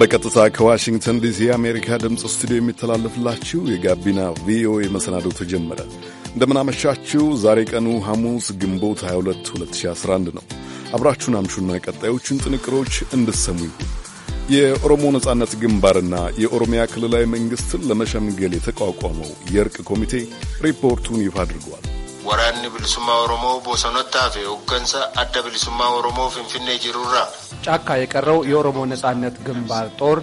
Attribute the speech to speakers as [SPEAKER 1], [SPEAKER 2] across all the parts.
[SPEAKER 1] በቀጥታ ከዋሽንግተን ዲሲ የአሜሪካ ድምፅ ስቱዲዮ የሚተላለፍላችሁ የጋቢና ቪኦኤ መሰናዶ ተጀመረ። እንደምናመሻችው ዛሬ ቀኑ ሐሙስ ግንቦት 22 2011 ነው። አብራችሁን አምሹና ቀጣዮቹን ጥንቅሮች እንድሰሙ ይሁን። የኦሮሞ ነጻነት ግንባርና የኦሮሚያ ክልላዊ መንግሥትን ለመሸምገል የተቋቋመው የእርቅ ኮሚቴ ሪፖርቱን ይፋ አድርገዋል።
[SPEAKER 2] Waraanni bilisummaa Oromoo bosonottaa fi hoggansa adda bilisummaa Oromoo Finfinnee jirurraa
[SPEAKER 3] ጫካ የቀረው የኦሮሞ ነጻነት ግንባር ጦር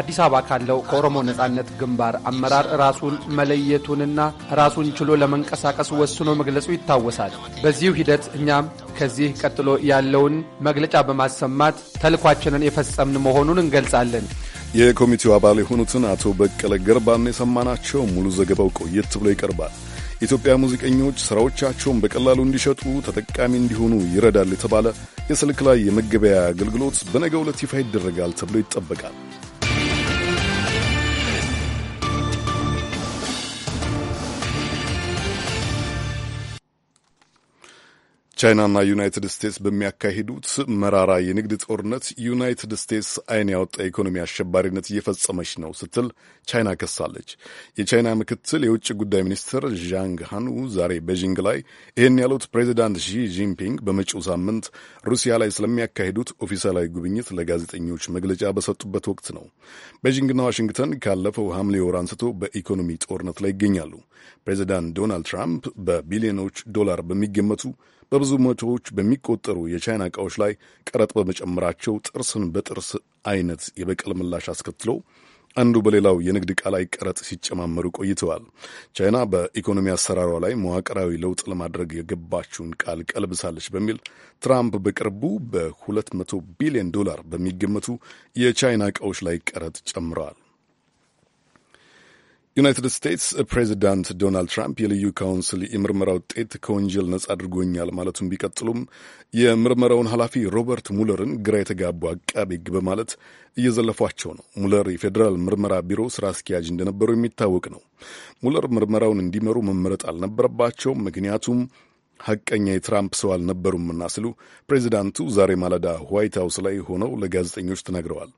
[SPEAKER 3] አዲስ አበባ ካለው ከኦሮሞ ነጻነት ግንባር አመራር ራሱን መለየቱንና ራሱን ችሎ ለመንቀሳቀስ ወስኖ መግለጹ ይታወሳል። በዚሁ ሂደት እኛም ከዚህ ቀጥሎ ያለውን መግለጫ በማሰማት
[SPEAKER 1] ተልኳችንን የፈጸምን መሆኑን እንገልጻለን። የኮሚቴው አባል የሆኑትን አቶ በቀለ ገርባን የሰማናቸው ሙሉ ዘገባው ቆየት ብሎ ይቀርባል። ኢትዮጵያ ሙዚቀኞች ሥራዎቻቸውን በቀላሉ እንዲሸጡ ተጠቃሚ እንዲሆኑ ይረዳል የተባለ የስልክ ላይ የመገበያ አገልግሎት በነገ ዕለት ይፋ ይደረጋል ተብሎ ይጠበቃል። ቻይናና ዩናይትድ ስቴትስ በሚያካሂዱት መራራ የንግድ ጦርነት ዩናይትድ ስቴትስ ዓይን ያወጣ ኢኮኖሚ አሸባሪነት እየፈጸመች ነው ስትል ቻይና ከሳለች። የቻይና ምክትል የውጭ ጉዳይ ሚኒስትር ዣንግ ሃኑ ዛሬ ቤዥንግ ላይ ይህን ያሉት ፕሬዚዳንት ሺ ጂንፒንግ በመጪው ሳምንት ሩሲያ ላይ ስለሚያካሂዱት ኦፊሳላዊ ጉብኝት ለጋዜጠኞች መግለጫ በሰጡበት ወቅት ነው። ቤጂንግና ዋሽንግተን ካለፈው ሐምሌ ወር አንስቶ በኢኮኖሚ ጦርነት ላይ ይገኛሉ። ፕሬዚዳንት ዶናልድ ትራምፕ በቢሊዮኖች ዶላር በሚገመቱ በብዙ መቶዎች በሚቆጠሩ የቻይና እቃዎች ላይ ቀረጥ በመጨመራቸው ጥርስን በጥርስ አይነት የበቀል ምላሽ አስከትሎ አንዱ በሌላው የንግድ ዕቃ ላይ ቀረጥ ሲጨማመሩ ቆይተዋል። ቻይና በኢኮኖሚ አሰራሯ ላይ መዋቅራዊ ለውጥ ለማድረግ የገባችውን ቃል ቀልብሳለች በሚል ትራምፕ በቅርቡ በ መቶ ቢሊዮን ዶላር በሚገመቱ የቻይና ዕቃዎች ላይ ቀረጥ ጨምረዋል። ዩናይትድ ስቴትስ ፕሬዚዳንት ዶናልድ ትራምፕ የልዩ ካውንስል የምርመራ ውጤት ከወንጀል ነጻ አድርጎኛል ማለቱን ቢቀጥሉም የምርመራውን ኃላፊ ሮበርት ሙለርን ግራ የተጋቡ አቃቤ ሕግ በማለት እየዘለፏቸው ነው። ሙለር የፌዴራል ምርመራ ቢሮ ስራ አስኪያጅ እንደነበሩ የሚታወቅ ነው። ሙለር ምርመራውን እንዲመሩ መመረጥ አልነበረባቸውም፣ ምክንያቱም ሐቀኛ የትራምፕ ሰው አልነበሩምና ሲሉ ፕሬዚዳንቱ ዛሬ ማለዳ ዋይት ሀውስ ላይ ሆነው ለጋዜጠኞች ተናግረዋል።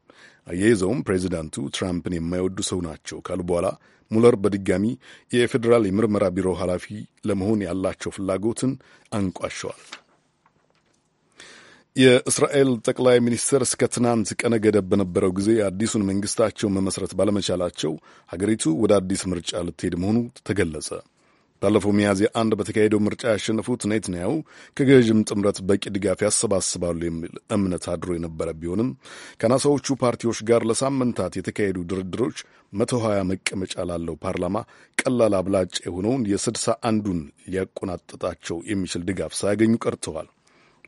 [SPEAKER 1] አያይዘውም ፕሬዚዳንቱ ትራምፕን የማይወዱ ሰው ናቸው ካሉ በኋላ ሙለር በድጋሚ የፌዴራል የምርመራ ቢሮ ኃላፊ ለመሆን ያላቸው ፍላጎትን አንቋሸዋል። የእስራኤል ጠቅላይ ሚኒስትር እስከ ትናንት ቀነ ገደብ በነበረው ጊዜ አዲሱን መንግስታቸውን መመስረት ባለመቻላቸው ሀገሪቱ ወደ አዲስ ምርጫ ልትሄድ መሆኑ ተገለጸ። ባለፈው ሚያዝያ አንድ በተካሄደው ምርጫ ያሸነፉት ኔትንያው ከገዥም ጥምረት በቂ ድጋፍ ያሰባስባሉ የሚል እምነት አድሮ የነበረ ቢሆንም ከናሳዎቹ ፓርቲዎች ጋር ለሳምንታት የተካሄዱ ድርድሮች መቶ ሀያ መቀመጫ ላለው ፓርላማ ቀላል አብላጭ የሆነውን የስድሳ አንዱን ሊያቆናጥጣቸው የሚችል ድጋፍ ሳያገኙ ቀርተዋል።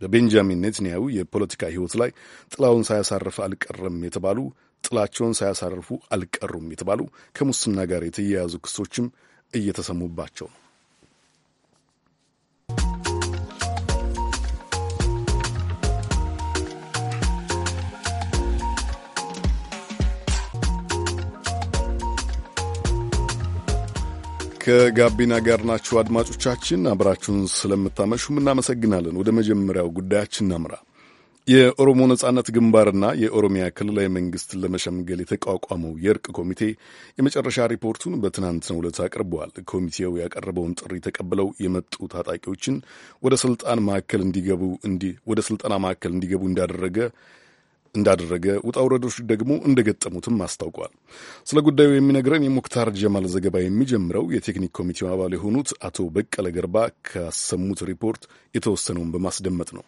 [SPEAKER 1] በቤንጃሚን ኔትንያሁ የፖለቲካ ሕይወት ላይ ጥላውን ሳያሳርፍ አልቀረም የተባሉ ጥላቸውን ሳያሳርፉ አልቀሩም የተባሉ ከሙስና ጋር የተያያዙ ክሶችም እየተሰሙባቸው ነው። ከጋቢና ጋር ናችሁ አድማጮቻችን። አብራችሁን ስለምታመሹም እናመሰግናለን። ወደ መጀመሪያው ጉዳያችን እናምራ። የኦሮሞ ነጻነት ግንባርና የኦሮሚያ ክልላዊ መንግስትን ለመሸምገል የተቋቋመው የእርቅ ኮሚቴ የመጨረሻ ሪፖርቱን በትናንትናው ዕለት አቅርበዋል። ኮሚቴው ያቀረበውን ጥሪ ተቀብለው የመጡ ታጣቂዎችን ወደ ስልጣን ማዕከል እንዲገቡ ወደ ስልጠና ማዕከል እንዲገቡ እንዳደረገ እንዳደረገ ውጣ ውረዶች ደግሞ እንደገጠሙትም አስታውቋል። ስለ ጉዳዩ የሚነግረን የሙክታር ጀማል ዘገባ የሚጀምረው የቴክኒክ ኮሚቴው አባል የሆኑት አቶ በቀለ ገርባ ካሰሙት ሪፖርት የተወሰነውን በማስደመጥ ነው።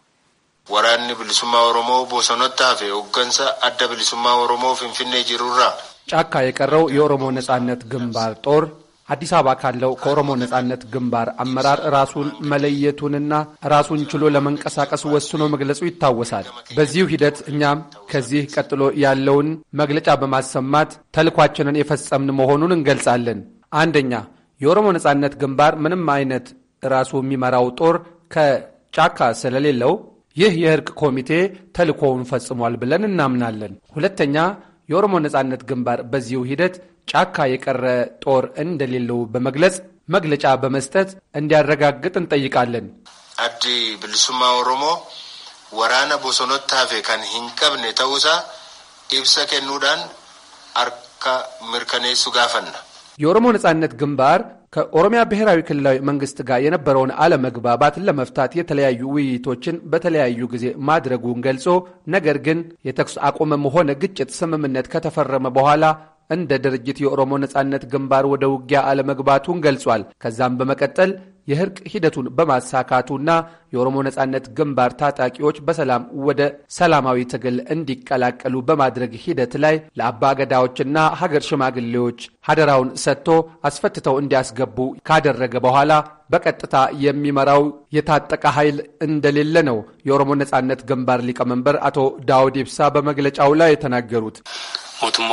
[SPEAKER 2] ወራኒ ብልሱማ ኦሮሞ ቦሰኖታፌ ኦገንሳ አደ ብልሱማ ኦሮሞ ፍንፍኔ ጅሩራ
[SPEAKER 1] ጫካ የቀረው የኦሮሞ ነጻነት
[SPEAKER 3] ግንባር ጦር አዲስ አበባ ካለው ከኦሮሞ ነጻነት ግንባር አመራር ራሱን መለየቱንና ራሱን ችሎ ለመንቀሳቀስ ወስኖ መግለጹ ይታወሳል። በዚሁ ሂደት እኛም ከዚህ ቀጥሎ ያለውን መግለጫ በማሰማት ተልኳችንን የፈጸምን መሆኑን እንገልጻለን። አንደኛ፣ የኦሮሞ ነጻነት ግንባር ምንም አይነት ራሱ የሚመራው ጦር ከጫካ ስለሌለው ይህ የእርቅ ኮሚቴ ተልኮውን ፈጽሟል ብለን እናምናለን። ሁለተኛ፣ የኦሮሞ ነጻነት ግንባር በዚሁ ሂደት ጫካ የቀረ ጦር እንደሌለው በመግለጽ መግለጫ በመስጠት እንዲያረጋግጥ እንጠይቃለን።
[SPEAKER 2] አዲ ብልሱማ ኦሮሞ ወራነ ቦሶኖት ታፌ ከን ሂንቀብኔ ተውሳ ኢብሰ ኬኑዳን አርካ ምርከኔሱ ጋፈና
[SPEAKER 3] የኦሮሞ ነጻነት ግንባር ከኦሮሚያ ብሔራዊ ክልላዊ መንግስት ጋር የነበረውን አለመግባባትን ለመፍታት የተለያዩ ውይይቶችን በተለያዩ ጊዜ ማድረጉን ገልጾ ነገር ግን የተኩስ አቁምም ሆነ ግጭት ስምምነት ከተፈረመ በኋላ እንደ ድርጅት የኦሮሞ ነጻነት ግንባር ወደ ውጊያ አለመግባቱን ገልጿል። ከዛም በመቀጠል የእርቅ ሂደቱን በማሳካቱና የኦሮሞ ነጻነት ግንባር ታጣቂዎች በሰላም ወደ ሰላማዊ ትግል እንዲቀላቀሉ በማድረግ ሂደት ላይ ለአባገዳዎችና ሀገር ሽማግሌዎች ሀደራውን ሰጥቶ አስፈትተው እንዲያስገቡ ካደረገ በኋላ በቀጥታ የሚመራው የታጠቀ ኃይል እንደሌለ ነው የኦሮሞ ነጻነት ግንባር ሊቀመንበር አቶ ዳውድ ኢብሳ በመግለጫው ላይ የተናገሩት።
[SPEAKER 4] ሞቱማ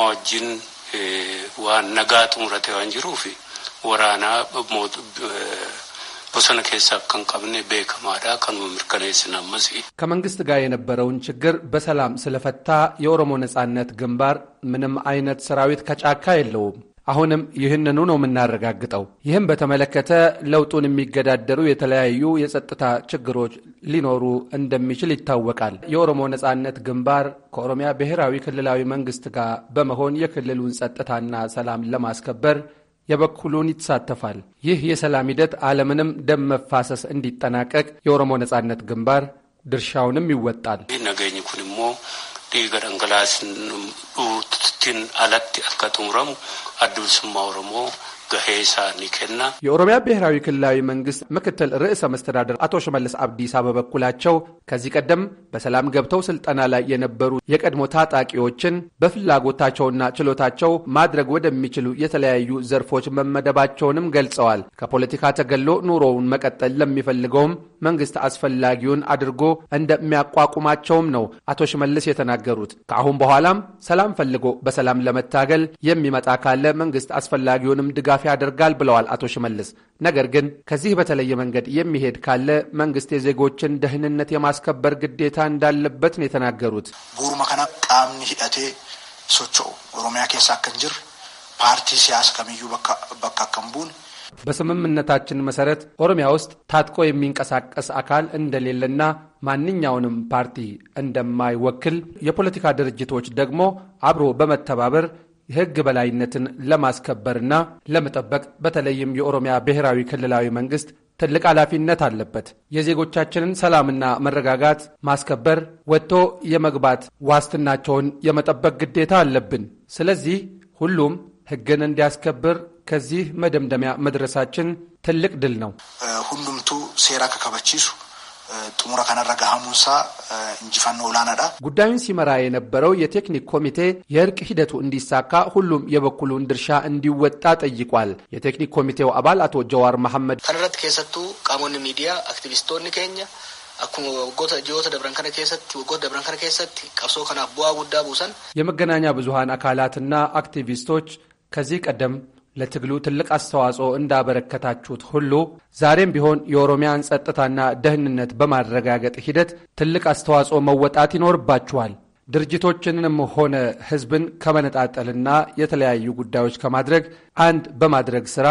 [SPEAKER 4] waan nagaa xumurate waan jiruuf waraanaa በሰነ ኬሳብ ከንቀብኔ ቤከማዳ ከኑ ምርከኔስ ናመሲ
[SPEAKER 3] ከመንግስት ጋር የነበረውን ችግር በሰላም ስለፈታ የኦሮሞ ነጻነት ግንባር ምንም አይነት ሰራዊት ከጫካ የለውም። አሁንም ይህንኑ ነው የምናረጋግጠው። ይህም በተመለከተ ለውጡን የሚገዳደሩ የተለያዩ የጸጥታ ችግሮች ሊኖሩ እንደሚችል ይታወቃል። የኦሮሞ ነጻነት ግንባር ከኦሮሚያ ብሔራዊ ክልላዊ መንግስት ጋር በመሆን የክልሉን ጸጥታና ሰላም ለማስከበር የበኩሉን ይሳተፋል። ይህ የሰላም ሂደት አለምንም ደም መፋሰስ እንዲጠናቀቅ የኦሮሞ ነጻነት ግንባር ድርሻውንም ይወጣል።
[SPEAKER 4] ነገኝ ኩንሞ dhiiga dhangalaasnuutiin alatti akka xumuramu አዱልስማ ኦሮሞ
[SPEAKER 3] የኦሮሚያ ብሔራዊ ክልላዊ መንግስት ምክትል ርዕሰ መስተዳደር አቶ ሽመልስ አብዲሳ በበኩላቸው ከዚህ ቀደም በሰላም ገብተው ስልጠና ላይ የነበሩ የቀድሞ ታጣቂዎችን በፍላጎታቸውና ችሎታቸው ማድረግ ወደሚችሉ የተለያዩ ዘርፎች መመደባቸውንም ገልጸዋል። ከፖለቲካ ተገሎ ኑሮውን መቀጠል ለሚፈልገውም መንግስት አስፈላጊውን አድርጎ እንደሚያቋቁማቸውም ነው አቶ ሽመልስ የተናገሩት። የተናገሩት። ከአሁን በኋላም ሰላም ፈልጎ በሰላም ለመታገል የሚመጣ ካለ መንግስት አስፈላጊውንም ድጋፍ ያደርጋል ብለዋል አቶ ሽመልስ። ነገር ግን ከዚህ በተለየ መንገድ የሚሄድ ካለ መንግስት የዜጎችን ደህንነት የማስከበር ግዴታ እንዳለበት ነው የተናገሩት።
[SPEAKER 5] ቡሩመ ከና ቃምኒ ሂደቴ ሶቾ ኦሮሚያ ኬሳ ከንጅር ፓርቲ ሲያስ ከሚዩ በካከምቡን
[SPEAKER 3] በስምምነታችን መሰረት ኦሮሚያ ውስጥ ታጥቆ የሚንቀሳቀስ አካል እንደሌለና ማንኛውንም ፓርቲ እንደማይወክል፣ የፖለቲካ ድርጅቶች ደግሞ አብሮ በመተባበር የሕግ በላይነትን ለማስከበርና ለመጠበቅ በተለይም የኦሮሚያ ብሔራዊ ክልላዊ መንግስት ትልቅ ኃላፊነት አለበት። የዜጎቻችንን ሰላምና መረጋጋት ማስከበር፣ ወጥቶ የመግባት ዋስትናቸውን የመጠበቅ ግዴታ አለብን። ስለዚህ ሁሉም ሕግን እንዲያስከብር ከዚህ መደምደሚያ መድረሳችን ትልቅ ድል ነው።
[SPEAKER 5] ሁሉምቱ ሴራ ከከበቺሱ ጥሙራ ከነረ ሀሙንሳ እንጂፋኖ ውላናዳ
[SPEAKER 3] ጉዳዩን ሲመራ የነበረው የቴክኒክ ኮሚቴ የእርቅ ሂደቱ እንዲሳካ ሁሉም የበኩሉን ድርሻ እንዲወጣ ጠይቋል። የቴክኒክ ኮሚቴው አባል አቶ ጀዋር መሐመድ ከነረት
[SPEAKER 5] ከሰቱ ቃሞን ሚዲያ አክቲቪስቶን ኬኛ አኩመ ወጎተ ደብረን ከነ ከሰቲ ወጎተ ደብረን ከነ ከሰቲ ቀብሶ ከና ቡዋ ጉዳ ቡሰን
[SPEAKER 3] የመገናኛ ብዙሀን አካላትና አክቲቪስቶች ከዚህ ቀደም ለትግሉ ትልቅ አስተዋጽኦ እንዳበረከታችሁት ሁሉ ዛሬም ቢሆን የኦሮሚያን ጸጥታና ደህንነት በማረጋገጥ ሂደት ትልቅ አስተዋጽኦ መወጣት ይኖርባችኋል። ድርጅቶችንም ሆነ ሕዝብን ከመነጣጠልና የተለያዩ ጉዳዮች ከማድረግ አንድ በማድረግ ሥራ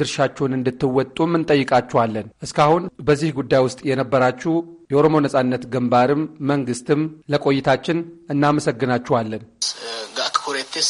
[SPEAKER 3] ድርሻችሁን እንድትወጡም እንጠይቃችኋለን። እስካሁን በዚህ ጉዳይ ውስጥ የነበራችሁ የኦሮሞ ነጻነት ግንባርም መንግስትም ለቆይታችን እናመሰግናችኋለን።
[SPEAKER 5] ኮሬትስ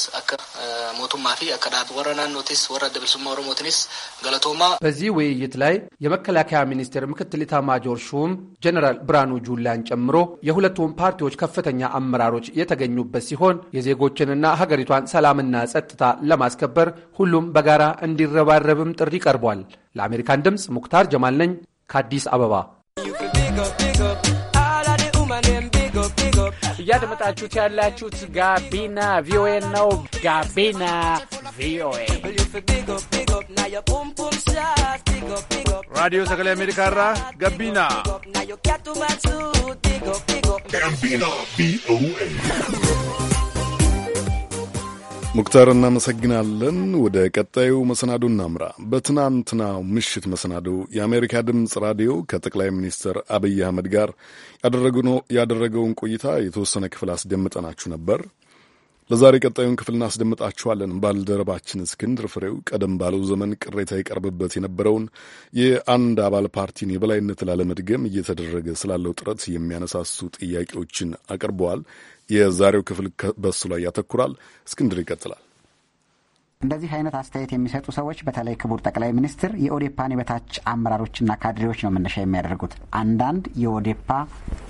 [SPEAKER 5] ሞቱማ አከዳት ወረና ኖቲስ ወረ ደብልሱማ ኦሮሞትኒስ ገለቶማ።
[SPEAKER 3] በዚህ ውይይት ላይ የመከላከያ ሚኒስቴር ምክትል ኢታማጆር ሹም ጀነራል ብርሃኑ ጁላን ጨምሮ የሁለቱም ፓርቲዎች ከፍተኛ አመራሮች የተገኙበት ሲሆን የዜጎችንና ሀገሪቷን ሰላምና ጸጥታ ለማስከበር ሁሉም በጋራ እንዲረባረብም ጥሪ ቀርቧል። ለአሜሪካን ድምፅ ሙክታር ጀማል ነኝ ከአዲስ አበባ።
[SPEAKER 4] እያደመጣችሁት ያላችሁት ጋቢና ቪኦኤ ነው። ጋቢና ቪኦኤ ራዲዮ ሰገሌ አሜሪካ ራ ጋቢና ጋቢና ቪኦኤ
[SPEAKER 1] ሙክታር እናመሰግናለን። ወደ ቀጣዩ መሰናዶ እናምራ። በትናንትናው ምሽት መሰናዶ የአሜሪካ ድምፅ ራዲዮ ከጠቅላይ ሚኒስትር አብይ አህመድ ጋር ያደረገውን ቆይታ የተወሰነ ክፍል አስደምጠናችሁ ነበር። ለዛሬ ቀጣዩን ክፍል እናስደምጣችኋለን። ባልደረባችን እስክንድር ፍሬው ቀደም ባለው ዘመን ቅሬታ ይቀርብበት የነበረውን የአንድ አባል ፓርቲን የበላይነት ላለመድገም እየተደረገ ስላለው ጥረት የሚያነሳሱ ጥያቄዎችን አቅርበዋል። የዛሬው ክፍል በሱ ላይ ያተኩራል። እስክንድር ይቀጥላል።
[SPEAKER 2] እንደዚህ አይነት አስተያየት የሚሰጡ ሰዎች በተለይ ክቡር ጠቅላይ ሚኒስትር የኦዴፓን የበታች አመራሮችና ካድሬዎች ነው መነሻ የሚያደርጉት። አንዳንድ የኦዴፓ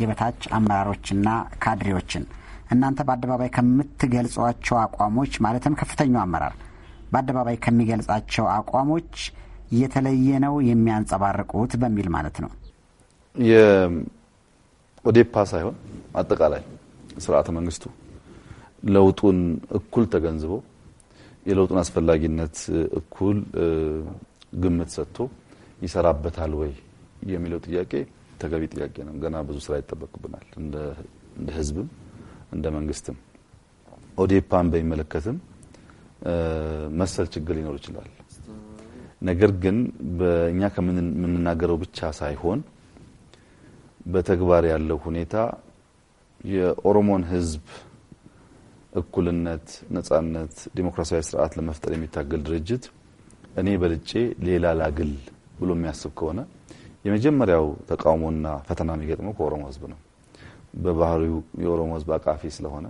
[SPEAKER 2] የበታች አመራሮችና ካድሬዎችን እናንተ በአደባባይ ከምትገልጿቸው አቋሞች ማለትም ከፍተኛው አመራር በአደባባይ ከሚገልጻቸው አቋሞች የተለየ ነው የሚያንጸባርቁት በሚል ማለት ነው።
[SPEAKER 6] የኦዴፓ ሳይሆን አጠቃላይ ስርዓተ መንግስቱ ለውጡን እኩል ተገንዝቦ የለውጡን አስፈላጊነት እኩል ግምት ሰጥቶ ይሰራበታል ወይ የሚለው ጥያቄ ተገቢ ጥያቄ ነው። ገና ብዙ ስራ ይጠበቅብናል እንደ ህዝብም እንደ መንግስትም። ኦዴፓን በሚመለከትም መሰል ችግር ሊኖር ይችላል። ነገር ግን በእኛ ከምንናገረው ብቻ ሳይሆን በተግባር ያለው ሁኔታ የኦሮሞን ህዝብ እኩልነት፣ ነጻነት፣ ዲሞክራሲያዊ ስርዓት ለመፍጠር የሚታገል ድርጅት እኔ በልጬ ሌላ ላግል ብሎ የሚያስብ ከሆነ የመጀመሪያው ተቃውሞና ፈተና የሚገጥመው ከኦሮሞ ህዝብ ነው። በባህሪው የኦሮሞ ህዝብ አቃፊ ስለሆነ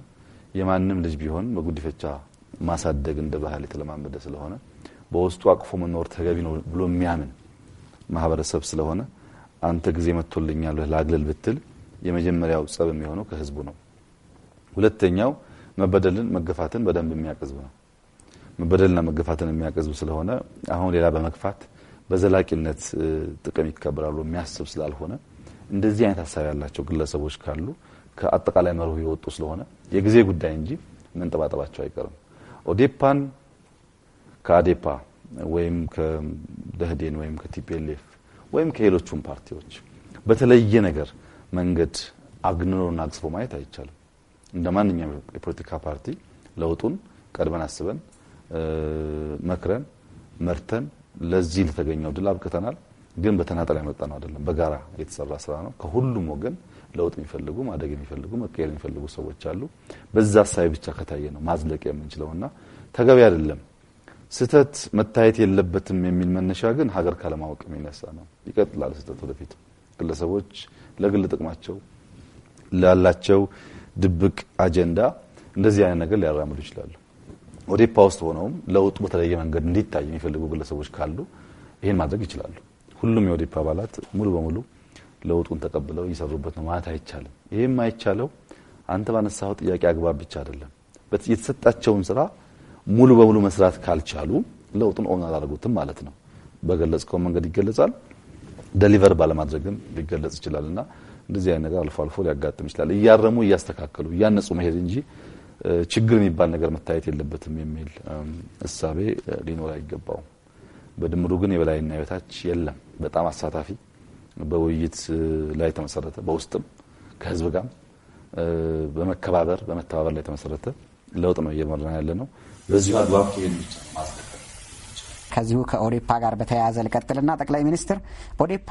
[SPEAKER 6] የማንም ልጅ ቢሆን በጉዲፈቻ ማሳደግ እንደ ባህል የተለማመደ ስለሆነ በውስጡ አቅፎ መኖር ተገቢ ነው ብሎ የሚያምን ማህበረሰብ ስለሆነ አንተ ጊዜ መጥቶልኛል ላግልል ብትል የመጀመሪያው ጸብ የሚሆነው ከህዝቡ ነው። ሁለተኛው መበደልን መገፋትን በደንብ የሚያቀዝብ ነው። መበደልና መገፋትን የሚያቀዝብ ስለሆነ አሁን ሌላ በመግፋት በዘላቂነት ጥቅም ይከበራሉ የሚያስብ ስላልሆነ እንደዚህ አይነት ሀሳብ ያላቸው ግለሰቦች ካሉ ከአጠቃላይ መርሁ የወጡ ስለሆነ የጊዜ ጉዳይ እንጂ መንጠባጠባቸው አይቀርም። ኦዴፓን ከአዴፓ ወይም ከደህዴን ወይም ከቲፒኤልኤፍ ወይም ከሌሎቹም ፓርቲዎች በተለየ ነገር መንገድ አግንኖና አግዝፎ ማየት አይቻልም። እንደ ማንኛውም የፖለቲካ ፓርቲ ለውጡን ቀድመን አስበን መክረን መርተን ለዚህ ለተገኘው ድል አብቅተናል። ግን በተናጠል ያመጣ ነው አይደለም፣ በጋራ የተሰራ ስራ ነው። ከሁሉም ወገን ለውጥ የሚፈልጉ ማደግ የሚፈልጉ መቀየር የሚፈልጉ ሰዎች አሉ። በዛ ሳይ ብቻ ከታየ ነው ማዝለቅ የምንችለውና ተገቢ አይደለም። ስህተት መታየት የለበትም የሚል መነሻ ግን ሀገር ካለማወቅ የሚነሳ ነው። ይቀጥላል ስህተት ወደፊት ግለሰቦች ለግል ጥቅማቸው ላላቸው ድብቅ አጀንዳ እንደዚህ አይነት ነገር ሊያራምዱ ይችላሉ። ኦዴፓ ውስጥ ሆነውም ለውጡ በተለየ መንገድ እንዲታይ የሚፈልጉ ግለሰቦች ካሉ ይህን ማድረግ ይችላሉ። ሁሉም የኦዴፓ አባላት ሙሉ በሙሉ ለውጡን ተቀብለው እየሰሩበት ነው ማለት አይቻልም። ይህም አይቻለው አንተ ባነሳው ጥያቄ አግባብ ብቻ አይደለም። የተሰጣቸውን ስራ ሙሉ በሙሉ መስራት ካልቻሉ ለውጡን ኦን አላደረጉትም ማለት ነው። በገለጽከው መንገድ ይገለጻል። ደሊቨር ባለማድረግም ሊገለጽ ይችላል እና እንደዚህ አይነት ነገር አልፎ አልፎ ሊያጋጥም ይችላል። እያረሙ እያስተካከሉ እያነጹ መሄድ እንጂ ችግር የሚባል ነገር መታየት የለበትም የሚል እሳቤ ሊኖር አይገባውም። በድምሩ ግን የበላይና የበታች የለም። በጣም አሳታፊ በውይይት ላይ የተመሰረተ በውስጥም ከህዝብ ጋር በመከባበር በመተባበር ላይ የተመሰረተ ለውጥ ነው እየመራ ያለ ነው። በዚሁ አግባብ
[SPEAKER 2] ከዚሁ ከኦዴፓ ጋር በተያያዘ ልቀጥልና ጠቅላይ ሚኒስትር ኦዴፓ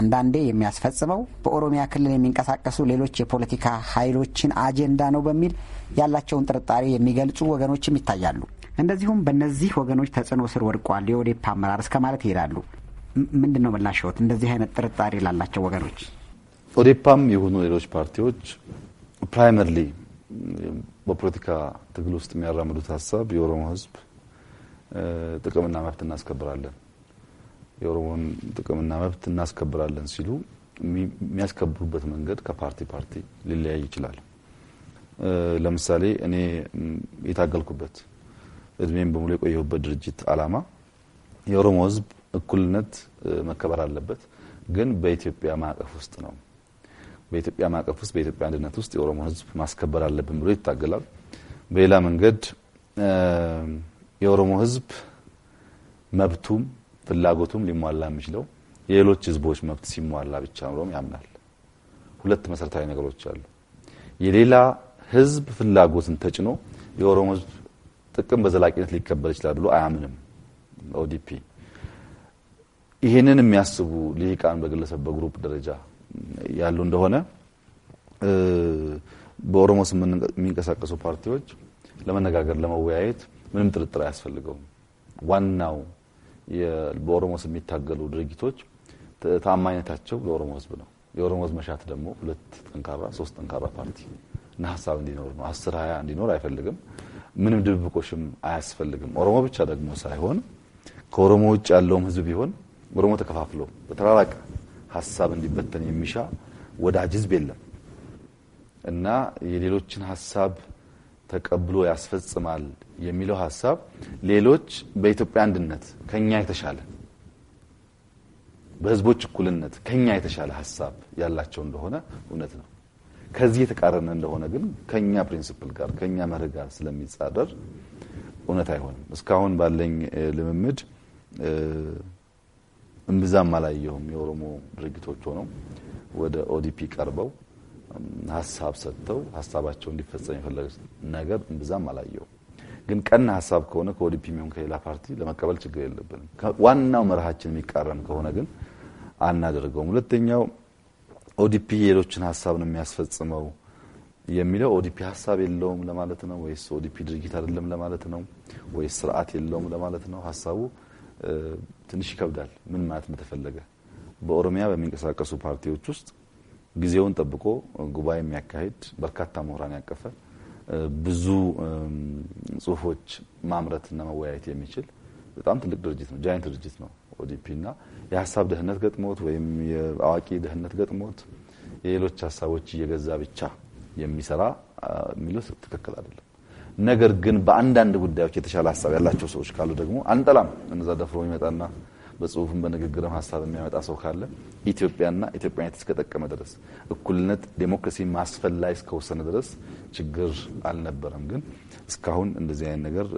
[SPEAKER 2] አንዳንዴ የሚያስፈጽመው በኦሮሚያ ክልል የሚንቀሳቀሱ ሌሎች የፖለቲካ ኃይሎችን አጀንዳ ነው በሚል ያላቸውን ጥርጣሬ የሚገልጹ ወገኖችም ይታያሉ። እንደዚሁም በእነዚህ ወገኖች ተጽዕኖ ስር ወድቋል የኦዴፓ አመራር እስከ ማለት ይሄዳሉ። ምንድን ነው መላሸወት እንደዚህ አይነት ጥርጣሬ ላላቸው ወገኖች
[SPEAKER 6] ኦዴፓም የሆኑ ሌሎች ፓርቲዎች ፕራይመሪሊ በፖለቲካ ትግል ውስጥ የሚያራምዱት ሀሳብ የኦሮሞ ህዝብ ጥቅምና መብት እናስከብራለን የኦሮሞን ጥቅምና መብት እናስከብራለን ሲሉ የሚያስከብሩበት መንገድ ከፓርቲ ፓርቲ ሊለያይ ይችላል። ለምሳሌ እኔ የታገልኩበት እድሜም በሙሉ የቆየሁበት ድርጅት አላማ የኦሮሞ ሕዝብ እኩልነት መከበር አለበት፣ ግን በኢትዮጵያ ማዕቀፍ ውስጥ ነው። በኢትዮጵያ ማዕቀፍ ውስጥ በኢትዮጵያ አንድነት ውስጥ የኦሮሞ ሕዝብ ማስከበር አለብን ብሎ ይታገላል። በሌላ መንገድ የኦሮሞ ህዝብ መብቱም ፍላጎቱም ሊሟላ የሚችለው የሌሎች ህዝቦች መብት ሲሟላ ብቻ ነው ያምናል። ሁለት መሰረታዊ ነገሮች አሉ። የሌላ ህዝብ ፍላጎትን ተጭኖ የኦሮሞ ህዝብ ጥቅም በዘላቂነት ሊከበር ይችላል ብሎ አያምንም ኦዲፒ። ይህንን የሚያስቡ ልሂቃን በግለሰብ በግሩፕ ደረጃ ያሉ እንደሆነ በኦሮሞ ስም የሚንቀሳቀሱ ፓርቲዎች ለመነጋገር፣ ለመወያየት ምንም ጥርጥር አያስፈልገውም። ዋናው በኦሮሞ ስም የሚታገሉ ድርጊቶች ተአማኝነታቸው ለኦሮሞ ሕዝብ ነው። የኦሮሞ ሕዝብ መሻት ደግሞ ሁለት ጠንካራ ሶስት ጠንካራ ፓርቲ እና ሀሳብ እንዲኖር ነው። አስር ሀያ እንዲኖር አይፈልግም። ምንም ድብብቆሽም አያስፈልግም። ኦሮሞ ብቻ ደግሞ ሳይሆን ከኦሮሞ ውጭ ያለውም ህዝብ ቢሆን ኦሮሞ ተከፋፍሎ በተራራቀ ሀሳብ እንዲበተን የሚሻ ወዳጅ ህዝብ የለም እና የሌሎችን ሀሳብ ተቀብሎ ያስፈጽማል የሚለው ሀሳብ ሌሎች በኢትዮጵያ አንድነት ከኛ የተሻለ በህዝቦች እኩልነት ከኛ የተሻለ ሀሳብ ያላቸው እንደሆነ እውነት ነው። ከዚህ የተቃረነ እንደሆነ ግን ከኛ ፕሪንስፕል ጋር ከኛ መርህ ጋር ስለሚጻረር እውነት አይሆንም። እስካሁን ባለኝ ልምምድ እምብዛም አላየሁም የኦሮሞ ድርጊቶች ሆነው ወደ ኦዲፒ ቀርበው ሀሳብ ሰጥተው ሀሳባቸው እንዲፈጸም የፈለገ ነገር ብዛም አላየው። ግን ቀን ሀሳብ ከሆነ ከኦዲፒ የሚሆን ከሌላ ፓርቲ ለመቀበል ችግር የለብንም። ዋናው መርሃችን የሚቃረን ከሆነ ግን አናደርገውም። ሁለተኛው ኦዲፒ የሌሎችን ሀሳብ ነው የሚያስፈጽመው የሚለው ኦዲፒ ሀሳብ የለውም ለማለት ነው ወይስ ኦዲፒ ድርጊት አይደለም ለማለት ነው ወይስ ስርዓት የለውም ለማለት ነው? ሀሳቡ ትንሽ ይከብዳል። ምን ማለት ነው ተፈለገ? በኦሮሚያ በሚንቀሳቀሱ ፓርቲዎች ውስጥ ጊዜውን ጠብቆ ጉባኤ የሚያካሂድ በርካታ ምሁራን ያቀፈ ብዙ ጽሁፎች ማምረትና መወያየት የሚችል በጣም ትልቅ ድርጅት ነው። ጃይንት ድርጅት ነው ኦዲፒ እና የሀሳብ ደህንነት ገጥሞት ወይም የአዋቂ ደህንነት ገጥሞት የሌሎች ሀሳቦች እየገዛ ብቻ የሚሰራ የሚሉት ትክክል አይደለም። ነገር ግን በአንዳንድ ጉዳዮች የተሻለ ሀሳብ ያላቸው ሰዎች ካሉ ደግሞ አንጠላም። እነዛ ደፍሮ ይመጣና በጽሁፍም በንግግርም ሀሳብ የሚያመጣ ሰው ካለ ኢትዮጵያና ኢትዮጵያነት እስከጠቀመ ድረስ እኩልነት፣ ዴሞክራሲ ማስፈን ላይ እስከወሰነ ድረስ ችግር አልነበረም። ግን እስካሁን እንደዚህ አይነት ነገር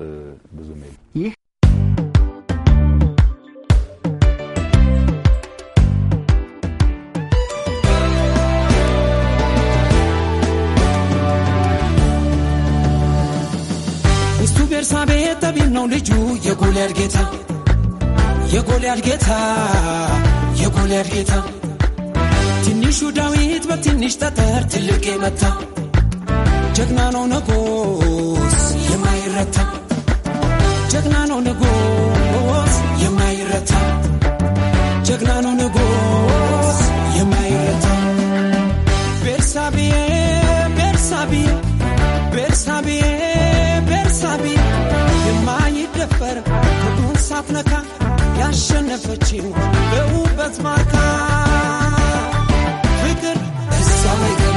[SPEAKER 6] ብዙ
[SPEAKER 5] ይህ
[SPEAKER 4] ሳቤ ጠቢብ ነው ልጁ የጉለር ጌታ የጎልያድ ጌታ የጎልያድ ጌታ ትንሹ ዳዊት በትንሽ ጠጠር ትልቅ የመታ ጀግና ነው ንጉስ የማይረታ ጀግና ነው ንጉስ የማይረታ ጀግና ነው ንጉስ የማይረታ ቤርሳቤ ቤርሳቤ ቤርሳቤ ቤርሳቤ የማይደፈር ሳትነካ ያሸነፈችው በውበት ማርካ ፍቅር እዛ ፍቅር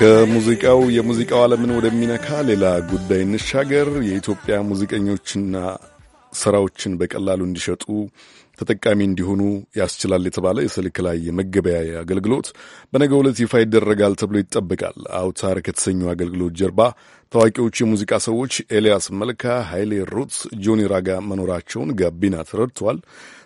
[SPEAKER 1] ከሙዚቃው የሙዚቃው ዓለምን ወደሚነካ ሌላ ጉዳይ እንሻገር። የኢትዮጵያ ሙዚቀኞችና ስራዎችን በቀላሉ እንዲሸጡ ተጠቃሚ እንዲሆኑ ያስችላል የተባለ የስልክ ላይ የመገበያ አገልግሎት በነገ ዕለት ይፋ ይደረጋል ተብሎ ይጠበቃል። አውታር ከተሰኘው አገልግሎት ጀርባ ታዋቂዎቹ የሙዚቃ ሰዎች ኤልያስ መልካ፣ ኃይሌ ሩትስ፣ ጆኒ ራጋ መኖራቸውን ጋቢና ተረድተዋል።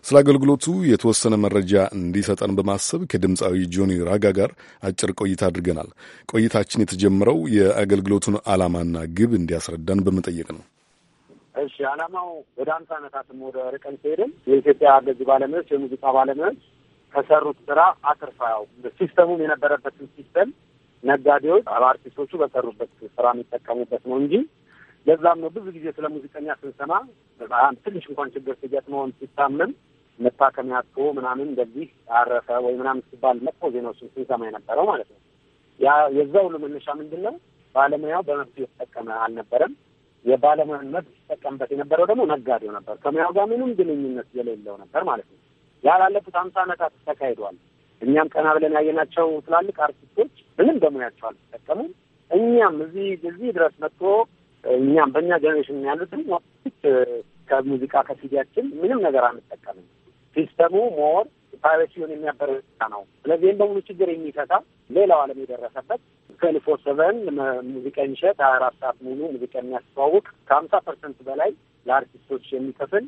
[SPEAKER 1] ስለ አገልግሎቱ የተወሰነ መረጃ እንዲሰጠን በማሰብ ከድምፃዊ ጆኒ ራጋ ጋር አጭር ቆይታ አድርገናል። ቆይታችን የተጀመረው የአገልግሎቱን ዓላማና ግብ እንዲያስረዳን በመጠየቅ ነው።
[SPEAKER 5] እሺ አላማው ወደ አምሳ ዓመታትም ወደ ርቀን ሲሄድም የኢትዮጵያ ገዚ ባለሙያዎች የሙዚቃ ባለሙያዎች ከሰሩት ስራ አትርፋ ያው ሲስተሙም የነበረበትን ሲስተም ነጋዴዎች አርቲስቶቹ በሰሩበት ስራ የሚጠቀሙበት ነው እንጂ ለዛም ነው ብዙ ጊዜ ስለ ሙዚቀኛ ስንሰማ ትንሽ እንኳን ችግር ሲገጥመውን ሲታመም መታከሚያ አጥቶ ምናምን እንደዚህ አረፈ ወይ ምናምን ሲባል መጥፎ ዜናዎችን ስንሰማ የነበረው ማለት ነው። ያ የዛ ሁሉ መነሻ ምንድን ነው? ባለሙያው በመብት የተጠቀመ አልነበረም። የባለሙያን መብት ሲጠቀምበት የነበረው ደግሞ ነጋዴው ነበር። ከሙያው ጋር ምንም ግንኙነት የሌለው ነበር ማለት ነው። ያ ላለፉት ሀምሳ ዓመታት ተካሂዷል። እኛም ቀና ብለን ያየናቸው ትላልቅ አርቲስቶች ምንም በሙያቸው አልተጠቀሙም። እኛም እዚህ እዚህ ድረስ መጥቶ እኛም በእኛ ጀኔሬሽን ያሉትን ከሙዚቃ ከሲዲያችን ምንም ነገር አንጠቀምም። ሲስተሙ ሞር ፓይሬሲውን የሚያበረታ ነው። ስለዚህ ይህም በሙሉ ችግር የሚፈታ ሌላው ዓለም የደረሰበት ትዌንቲ ፎር ሰቨን ሙዚቃ የሚሸጥ ሀያ አራት ሰዓት ሙሉ ሙዚቃ የሚያስተዋውቅ ከሀምሳ ፐርሰንት በላይ ለአርቲስቶች የሚከፍል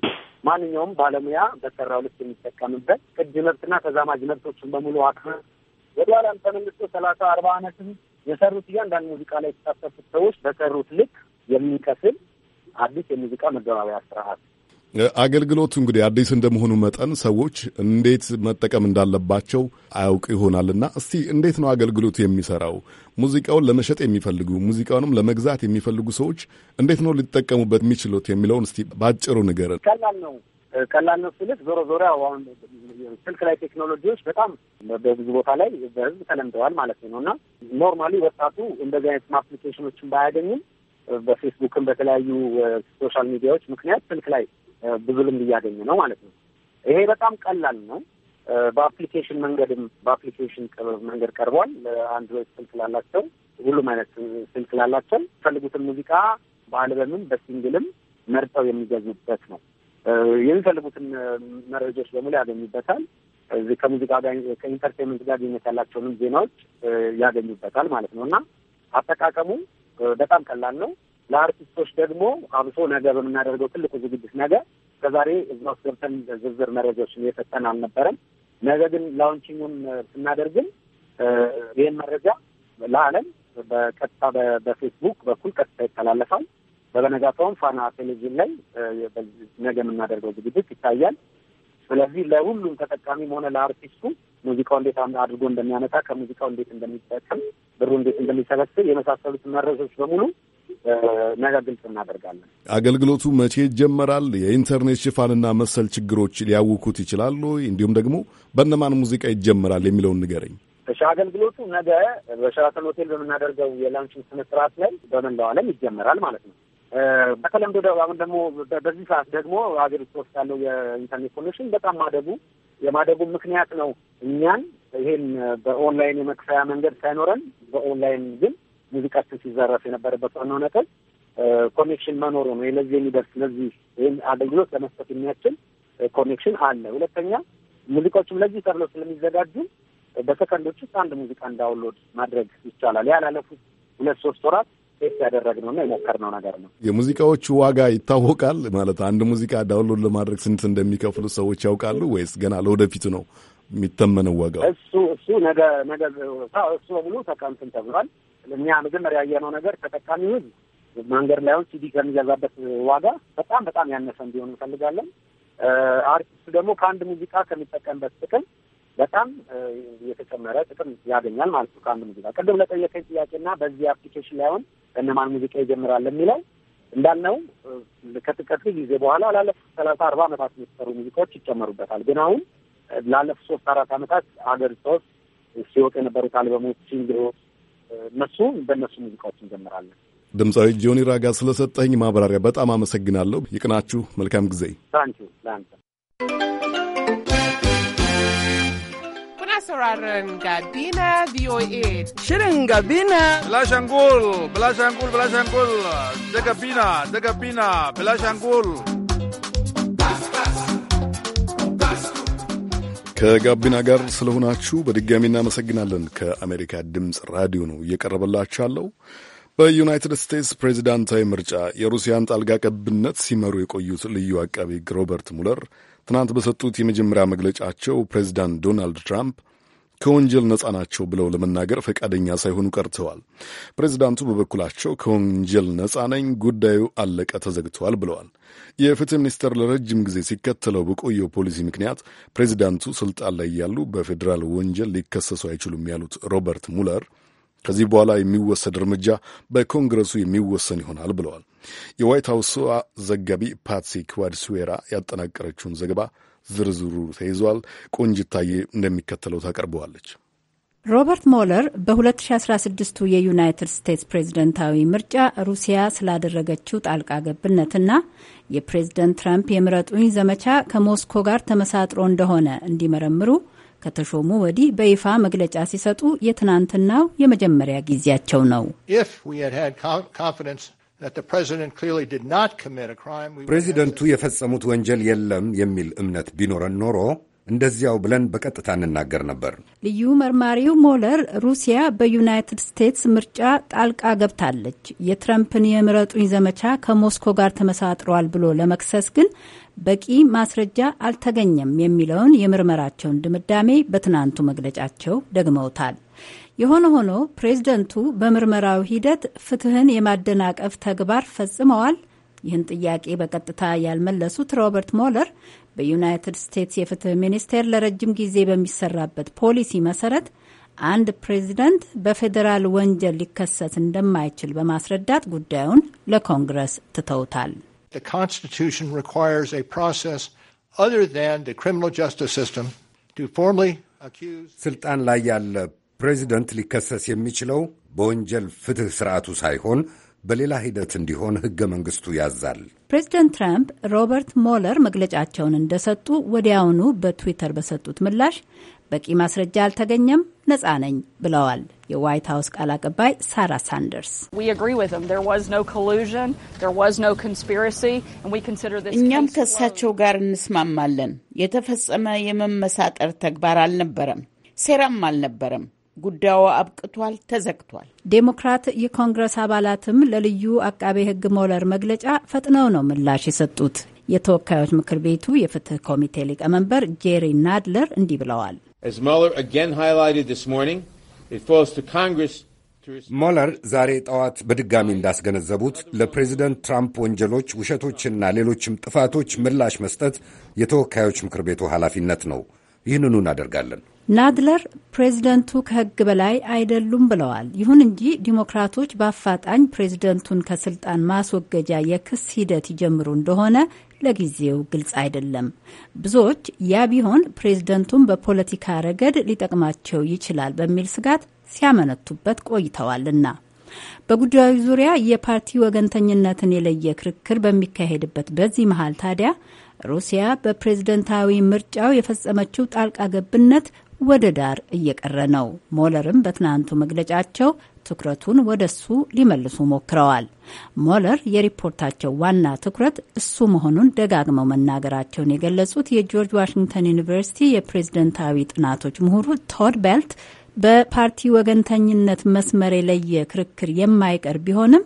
[SPEAKER 5] ማንኛውም ባለሙያ በሰራው ልክ የሚጠቀምበት ቅድ መብትና ተዛማጅ መብቶችን በሙሉ አክብሮ ወደኋላም ተመልሶ ሰላሳ አርባ አመትም የሰሩት እያንዳንድ ሙዚቃ ላይ የተሳተፉት ሰዎች በሰሩት ልክ የሚከፍል አዲስ የሙዚቃ መገባበያ ስርዓት
[SPEAKER 1] አገልግሎቱ እንግዲህ አዲስ እንደመሆኑ መጠን ሰዎች እንዴት መጠቀም እንዳለባቸው አያውቅ ይሆናልና እስቲ እንዴት ነው አገልግሎቱ የሚሰራው? ሙዚቃውን ለመሸጥ የሚፈልጉ ሙዚቃውንም ለመግዛት የሚፈልጉ ሰዎች እንዴት ነው ሊጠቀሙበት የሚችሉት የሚለውን እስቲ ባጭሩ ንገረን።
[SPEAKER 5] ቀላል ነው ቀላል ነው ስልት ዞሮ ዞሮ አሁን ስልክ ላይ ቴክኖሎጂዎች በጣም በብዙ ቦታ ላይ በህዝብ ተለምደዋል ማለት ነው እና ኖርማሊ ወጣቱ እንደዚህ አይነት አፕሊኬሽኖችን ባያገኝም በፌስቡክም በተለያዩ ሶሻል ሚዲያዎች ምክንያት ስልክ ላይ ብዙ ልምድ እያገኘ ነው ማለት ነው። ይሄ በጣም ቀላል ነው። በአፕሊኬሽን መንገድም በአፕሊኬሽን መንገድ ቀርቧል። አንድሮይድ ስልክ ላላቸው፣ ሁሉም አይነት ስልክ ላላቸው ፈልጉትን ሙዚቃ በአልበምም በሲንግልም መርጠው የሚገኙበት ነው። የሚፈልጉትን መረጃዎች በሙሉ ያገኙበታል። እዚህ ከሙዚቃ ጋር ከኢንተርቴንመንት ጋር ግንኙነት ያላቸውንም ዜናዎች ያገኙበታል ማለት ነው እና አጠቃቀሙ በጣም ቀላል ነው። ለአርቲስቶች ደግሞ አብሶ ነገ በምናደርገው ትልቁ ዝግጅት ነገ ከዛሬ እዛ ውስጥ ገብተን ዝርዝር መረጃዎችን እየሰጠን አልነበረም። ነገ ግን ላውንቺንጉን ስናደርግን ይህን መረጃ ለዓለም በቀጥታ በፌስቡክ በኩል ቀጥታ ይተላለፋል። በበነጋታውም ፋና ቴሌቪዥን ላይ ነገ የምናደርገው ዝግጅት ይታያል። ስለዚህ ለሁሉም ተጠቃሚ ሆነ ለአርቲስቱ ሙዚቃው እንዴት አድርጎ እንደሚያመጣ ከሙዚቃው እንዴት እንደሚጠቀም ብሩ እንዴት እንደሚሰበስብ የመሳሰሉት መረሶች በሙሉ ነገ ግልጽ እናደርጋለን።
[SPEAKER 1] አገልግሎቱ መቼ ይጀመራል? የኢንተርኔት ሽፋንና መሰል ችግሮች ሊያውኩት ይችላሉ። እንዲሁም ደግሞ በእነማን ሙዚቃ ይጀመራል የሚለውን ንገረኝ።
[SPEAKER 5] እሺ፣ አገልግሎቱ ነገ በሸራተን ሆቴል በምናደርገው የላንችን ስነ ላይ በመላው ዓለም ይጀመራል ማለት ነው። በተለምዶ አሁን ደግሞ በዚህ ሰዓት ደግሞ ሀገር ውስጥ ውስጥ ያለው የኢንተርኔት ኮኔክሽን በጣም ማደጉ የማደጉ ምክንያት ነው እኛን ይሄን በኦንላይን የመክፈያ መንገድ ሳይኖረን በኦንላይን ግን ሙዚቃችን ሲዘረፍ የነበረበት ዋናው ነጥብ ኮኔክሽን መኖሩ ነው። ለዚህ የሚደርስ ለዚህ ይህን አገልግሎት ለመስጠት የሚያስችል ኮኔክሽን አለ። ሁለተኛ ሙዚቃዎችም ለዚህ ተብለው ስለሚዘጋጁ በሰከንዶች ውስጥ አንድ ሙዚቃ እንዳውንሎድ ማድረግ ይቻላል። ያላለፉት ሁለት ሶስት ወራት ቴስት ያደረግነውና የሞከርነው ነገር ነው።
[SPEAKER 1] የሙዚቃዎቹ ዋጋ ይታወቃል ማለት አንድ ሙዚቃ ዳውንሎድ ለማድረግ ስንት እንደሚከፍሉ ሰዎች ያውቃሉ ወይስ ገና ለወደፊቱ ነው የሚተመነው ዋጋው?
[SPEAKER 5] እሱ እሱ ነገ ነገ እሱ በሙሉ ተቀምትን ተብሏል። እኛ መጀመሪያ ያየነው ነገር ተጠቃሚ ህዝብ መንገድ ላይ ሲዲ ከሚገዛበት ዋጋ በጣም በጣም ያነሰ እንዲሆን እንፈልጋለን። አርቲስት ደግሞ ከአንድ ሙዚቃ ከሚጠቀምበት ጥቅም በጣም የተጨመረ ጥቅም ያገኛል ማለት ነው። ከአንድ ሙዚቃ ቅድም ለጠየቀኝ ጥያቄና በዚህ አፕሊኬሽን ላይ አሁን እነማን ሙዚቃ ይጀምራል የሚለው እንዳልነው ከጥቀት ጊዜ በኋላ ላለፉት ሰላሳ አርባ ዓመታት የሚሰሩ ሙዚቃዎች ይጨመሩበታል። ግን አሁን ላለፉት ሶስት አራት ዓመታት ሀገር ውስጥ ሲወጡ የነበሩት አልበሞች፣ ሲንግሮች እነሱ በእነሱ ሙዚቃዎች እንጀምራለን።
[SPEAKER 1] ድምፃዊ ጆኒ ራጋ ስለሰጠኝ ማብራሪያ በጣም አመሰግናለሁ። ይቅናችሁ። መልካም ጊዜ።
[SPEAKER 4] ታንኪዩ ለአንተ sauraron Gabina VOA.
[SPEAKER 6] Shirin Gabina. Bilashangul, Bilashangul, Bilashangul, da Gabina, da Gabina, Bilashangul.
[SPEAKER 1] ከጋቢና ጋር ስለሆናችሁ በድጋሚ እናመሰግናለን። ከአሜሪካ ድምፅ ራዲዮ ነው እየቀረበላችሁ ያለው። በዩናይትድ ስቴትስ ፕሬዚዳንታዊ ምርጫ የሩሲያን ጣልቃ ገብነት ሲመሩ የቆዩት ልዩ አቃቤ ሕግ ሮበርት ሙለር ትናንት በሰጡት የመጀመሪያ መግለጫቸው ፕሬዚዳንት ዶናልድ ትራምፕ ከወንጀል ነጻ ናቸው ብለው ለመናገር ፈቃደኛ ሳይሆኑ ቀርተዋል። ፕሬዚዳንቱ በበኩላቸው ከወንጀል ነጻ ነኝ፣ ጉዳዩ አለቀ፣ ተዘግተዋል ብለዋል። የፍትህ ሚኒስቴር ለረጅም ጊዜ ሲከተለው በቆየው ፖሊሲ ምክንያት ፕሬዚዳንቱ ስልጣን ላይ ያሉ በፌዴራል ወንጀል ሊከሰሱ አይችሉም ያሉት ሮበርት ሙለር ከዚህ በኋላ የሚወሰድ እርምጃ በኮንግረሱ የሚወሰን ይሆናል ብለዋል። የዋይት ሀውስ ዘጋቢ ፓትሲ ክዋድስዌራ ያጠናቀረችውን ዘገባ ዝርዝሩ ተይዟል። ቆንጅታዬ እንደሚከተለው ታቀርበዋለች።
[SPEAKER 2] ሮበርት ሞለር በ2016ቱ የዩናይትድ ስቴትስ ፕሬዝደንታዊ ምርጫ ሩሲያ ስላደረገችው ጣልቃ ገብነትና የፕሬዝደንት ትራምፕ የምረጡኝ ዘመቻ ከሞስኮ ጋር ተመሳጥሮ እንደሆነ እንዲመረምሩ ከተሾሙ ወዲህ በይፋ መግለጫ ሲሰጡ የትናንትናው የመጀመሪያ ጊዜያቸው ነው። ፕሬዚደንቱ የፈጸሙት
[SPEAKER 1] ወንጀል የለም የሚል እምነት ቢኖረን ኖሮ እንደዚያው ብለን በቀጥታ እንናገር ነበር።
[SPEAKER 2] ልዩ መርማሪው ሞለር ሩሲያ በዩናይትድ ስቴትስ ምርጫ ጣልቃ ገብታለች፣ የትረምፕን የምረጡኝ ዘመቻ ከሞስኮ ጋር ተመሳጥሯል ብሎ ለመክሰስ ግን በቂ ማስረጃ አልተገኘም የሚለውን የምርመራቸውን ድምዳሜ በትናንቱ መግለጫቸው ደግመውታል። የሆነ ሆኖ ፕሬዝደንቱ በምርመራው ሂደት ፍትህን የማደናቀፍ ተግባር ፈጽመዋል? ይህን ጥያቄ በቀጥታ ያልመለሱት ሮበርት ሞለር በዩናይትድ ስቴትስ የፍትህ ሚኒስቴር ለረጅም ጊዜ በሚሰራበት ፖሊሲ መሰረት አንድ ፕሬዚደንት በፌዴራል ወንጀል ሊከሰት እንደማይችል በማስረዳት ጉዳዩን ለኮንግረስ ትተውታል።
[SPEAKER 1] ስልጣን ላይ ያለ ፕሬዚደንት ሊከሰስ የሚችለው በወንጀል ፍትሕ ስርዓቱ ሳይሆን በሌላ ሂደት እንዲሆን ህገ መንግስቱ ያዛል።
[SPEAKER 2] ፕሬዚደንት ትራምፕ ሮበርት ሞለር መግለጫቸውን እንደሰጡ ወዲያውኑ በትዊተር በሰጡት ምላሽ በቂ ማስረጃ አልተገኘም፣ ነጻ ነኝ ብለዋል። የዋይት ሀውስ ቃል አቀባይ ሳራ ሳንደርስ እኛም ከእሳቸው ጋር እንስማማለን። የተፈጸመ የመመሳጠር ተግባር አልነበረም፣ ሴራም አልነበረም። ጉዳዩ አብቅቷል፣ ተዘግቷል። ዴሞክራት የኮንግረስ አባላትም ለልዩ አቃቤ ሕግ ሞለር መግለጫ ፈጥነው ነው ምላሽ የሰጡት። የተወካዮች ምክር ቤቱ የፍትህ ኮሚቴ ሊቀመንበር ጄሪ ናድለር እንዲህ ብለዋል።
[SPEAKER 1] ሞለር ዛሬ ጠዋት በድጋሚ እንዳስገነዘቡት ለፕሬዚደንት ትራምፕ ወንጀሎች፣ ውሸቶችና ሌሎችም ጥፋቶች ምላሽ መስጠት የተወካዮች ምክር ቤቱ ኃላፊነት ነው። ይህንኑ እናደርጋለን።
[SPEAKER 2] ናድለር ፕሬዝደንቱ ከህግ በላይ አይደሉም ብለዋል። ይሁን እንጂ ዲሞክራቶች በአፋጣኝ ፕሬዝደንቱን ከስልጣን ማስወገጃ የክስ ሂደት ይጀምሩ እንደሆነ ለጊዜው ግልጽ አይደለም። ብዙዎች ያ ቢሆን ፕሬዝደንቱን በፖለቲካ ረገድ ሊጠቅማቸው ይችላል በሚል ስጋት ሲያመነቱበት ቆይተዋልና በጉዳዩ ዙሪያ የፓርቲ ወገንተኝነትን የለየ ክርክር በሚካሄድበት በዚህ መሀል ታዲያ ሩሲያ በፕሬዝደንታዊ ምርጫው የፈጸመችው ጣልቃ ገብነት ወደ ዳር እየቀረ ነው። ሞለርም በትናንቱ መግለጫቸው ትኩረቱን ወደ እሱ ሊመልሱ ሞክረዋል። ሞለር የሪፖርታቸው ዋና ትኩረት እሱ መሆኑን ደጋግመው መናገራቸውን የገለጹት የጆርጅ ዋሽንግተን ዩኒቨርሲቲ የፕሬዝደንታዊ ጥናቶች ምሁሩ ቶድ ቤልት በፓርቲ ወገንተኝነት መስመር የለየ ክርክር የማይቀር ቢሆንም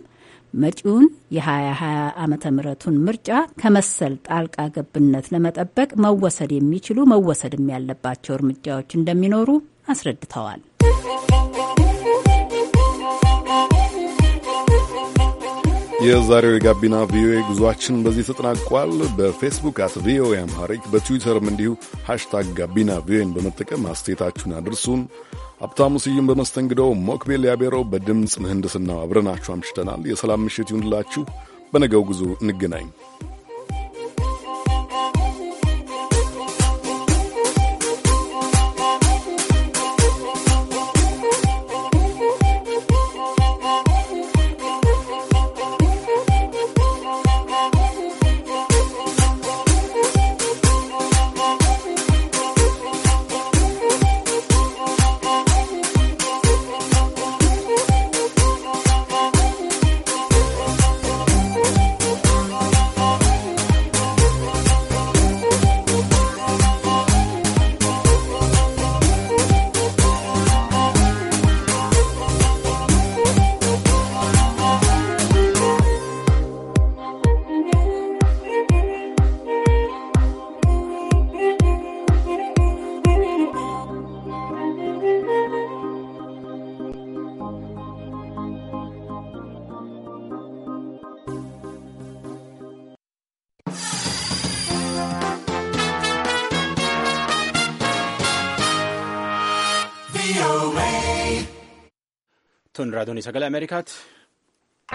[SPEAKER 2] መጪውን የ2020 ዓመተ ምህረቱን ምርጫ ከመሰል ጣልቃ ገብነት ለመጠበቅ መወሰድ የሚችሉ መወሰድም ያለባቸው እርምጃዎች እንደሚኖሩ አስረድተዋል።
[SPEAKER 1] የዛሬው የጋቢና ቪኦኤ ጉዟችን በዚህ ተጠናቋል። በፌስቡክ አት ቪኦኤ አምሃሪክ በትዊተርም እንዲሁ ሃሽታግ ጋቢና ቪኦኤን በመጠቀም አስተያየታችሁን አድርሱን። ሀብታሙ ስዩም በመስተንግዶው፣ ሞክቤል ያቤረው በድምፅ ምህንድስናው አብረናችሁ አምሽተናል። የሰላም ምሽት ይሁንላችሁ። በነገው ጉዞ እንገናኝ።
[SPEAKER 5] kun raadiyoon isa galee Ameerikaati.